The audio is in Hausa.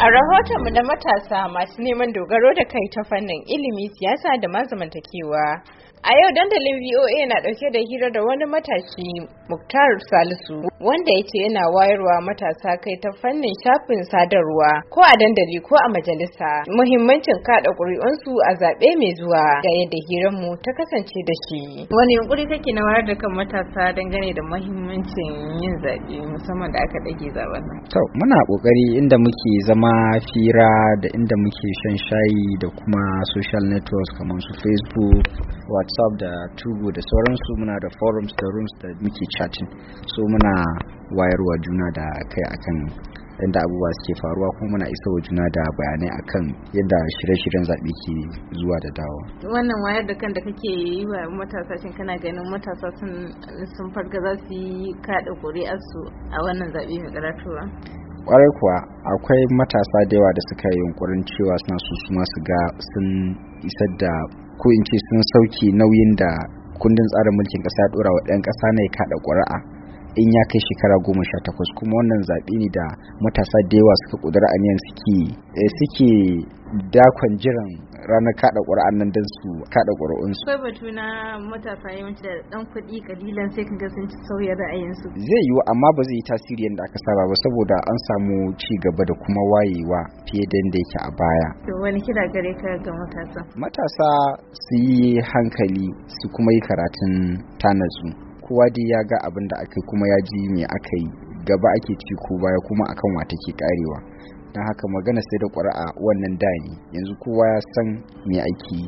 A rahotonmu na matasa masu neman dogaro da kai ta fannin ilimi, siyasa da ma mazamantakewa, A yau dandalin VOA na ɗauke da hira da wani matashi Muktar Salisu wanda ya ce yana wayarwa matasa kai ta fannin shafin sadarwa ko a dandali ko a majalisa muhimmancin kaɗa ƙuri'unsu a zaɓe mai zuwa ga yadda hiranmu ta kasance da shi. Wani yunƙuri kake na wayar da kan matasa dangane da muhimmancin yin zaɓe musamman da aka ɗage zaɓen nan. To muna ƙoƙari inda muke zama fira da inda muke shan shayi da kuma social networks kamar su Facebook whatsapp da tugu da sauransu muna da forums da rooms da muke chatting so muna wayarwa juna da kai akan yadda abubuwa suke faruwa kuma muna isa wa juna da bayanai akan yadda shirye-shiryen zaɓe ke zuwa da dawo. wannan wayar da kan da kake yi wa matasa shin kana ganin matasa sun farga za su yi kaɗa ƙuri'arsu a wannan zaɓe mai karatuwa kwarai kuwa akwai matasa da yawa da suka yi yunkurin cewa suna su suma su ga sun isar da ko in ce sun sauki nauyin da kundin tsarin mulkin kasa ya dora wa ɗan ƙasa na ya kaɗa ƙuri'a in ya kai shekara goma sha takwas kuma wannan zaɓe ne da matasa da yawa suka ƙudura aniyan suke eh, suke dakon jiran ranar kada ƙura'an nan don su kada ƙura'un su. Akwai batu na matasa yawanci da ɗan kuɗi kalilan sai kaga sun ci sauya ra'ayinsu. Zai yiwu amma ba zai yi tasiri yadda aka saba ba saboda an samu ci gaba da kuma wayewa fiye da yadda yake a baya. To wani kira gare ka ga matasa? Matasa su yi hankali su kuma yi karatun tanatsu. Kowa dai ya ga abin da aka kuma ya ji me aka yi gaba ake ci ko baya kuma akan wa take karewa don haka magana sai da ƙuri'a wannan da ne yanzu kowa ya san me aiki